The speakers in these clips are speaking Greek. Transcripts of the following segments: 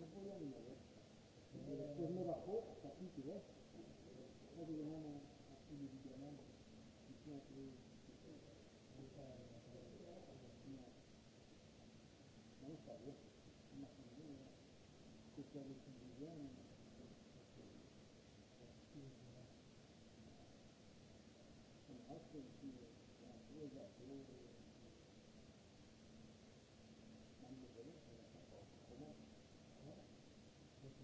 no podían Thank you.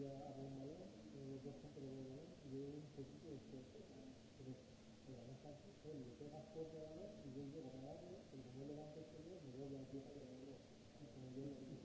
ya abonado los dos controladores un poquito de esfuerzo. Pero la a la y yo llego a darle, pero como levanto el me a Y como yo hice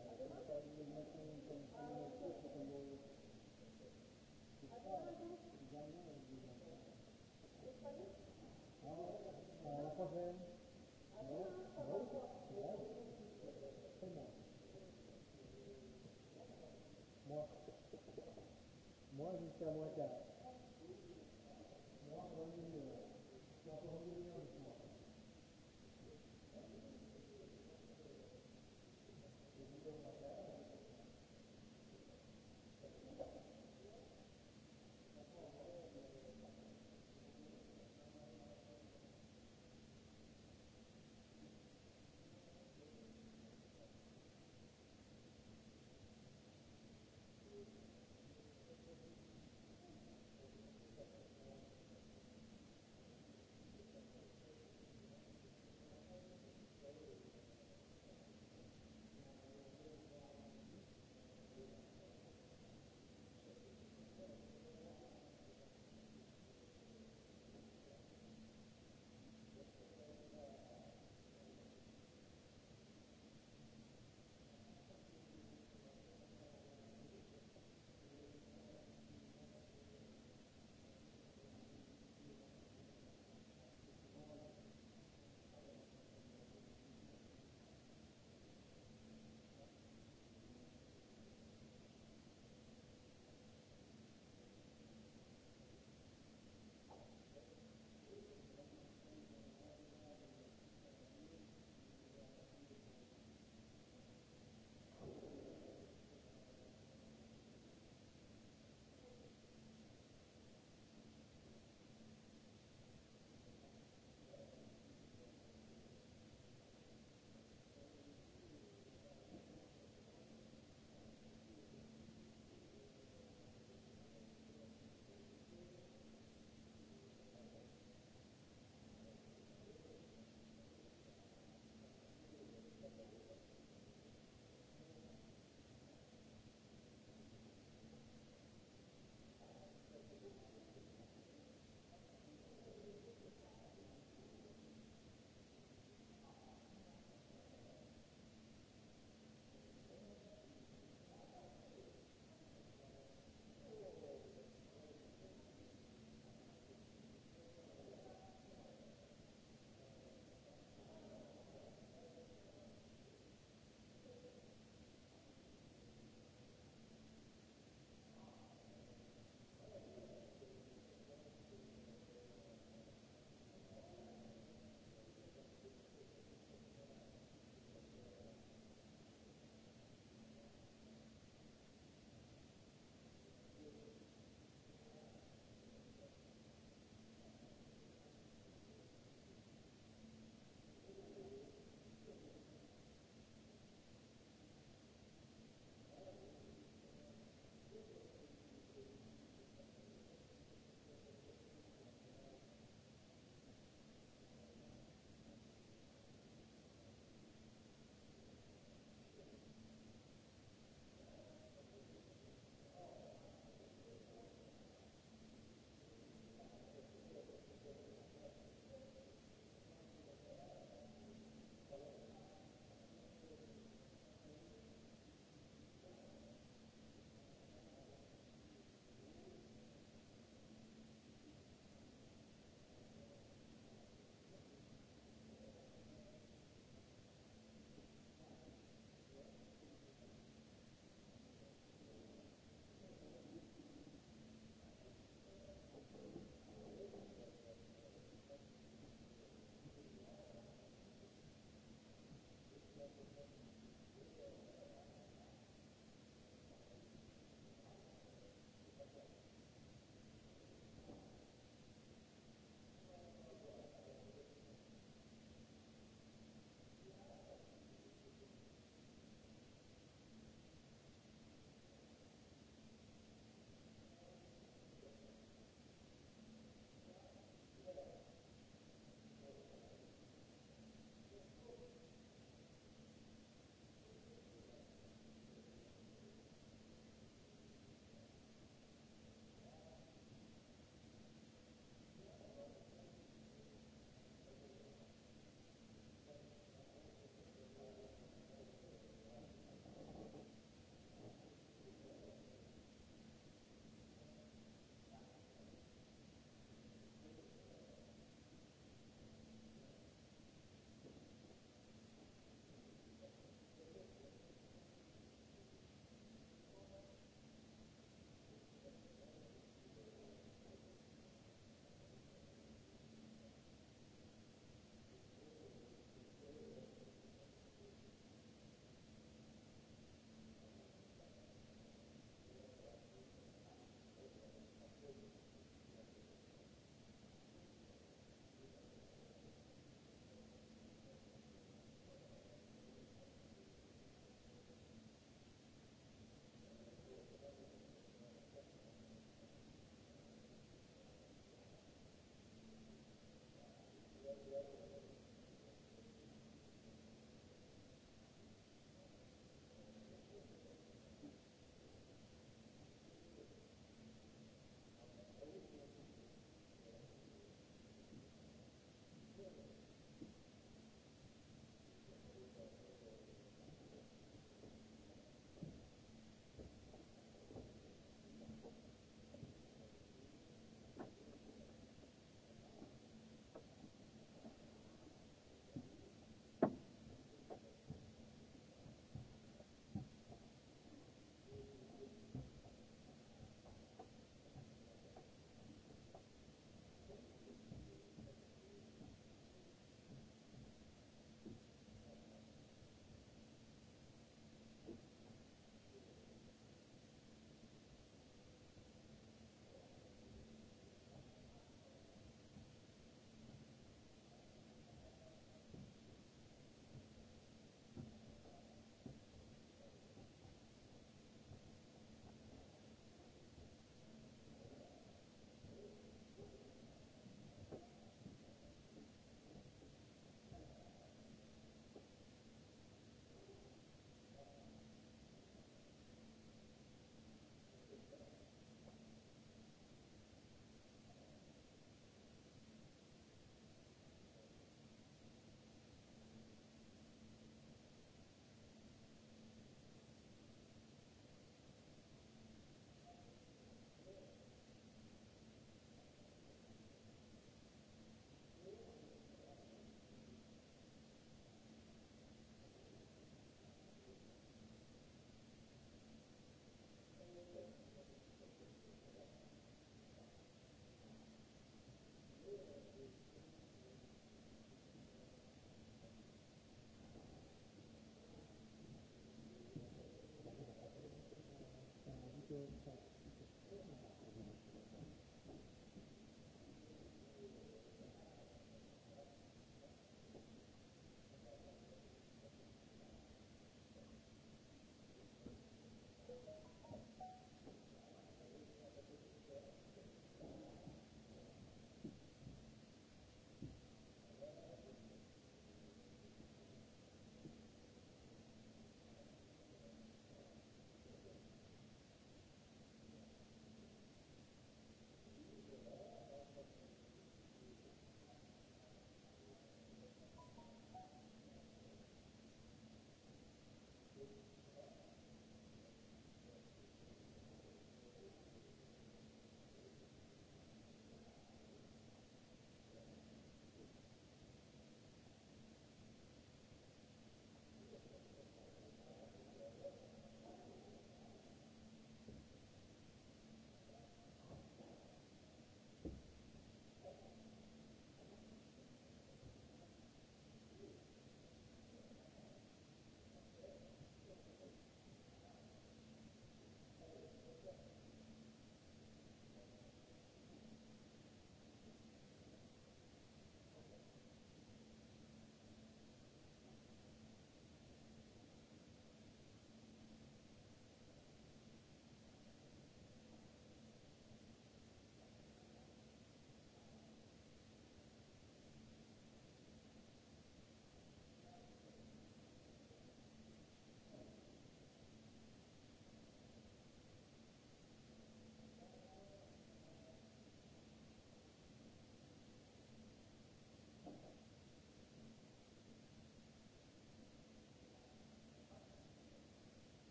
Jusqu'à moins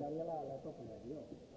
la viola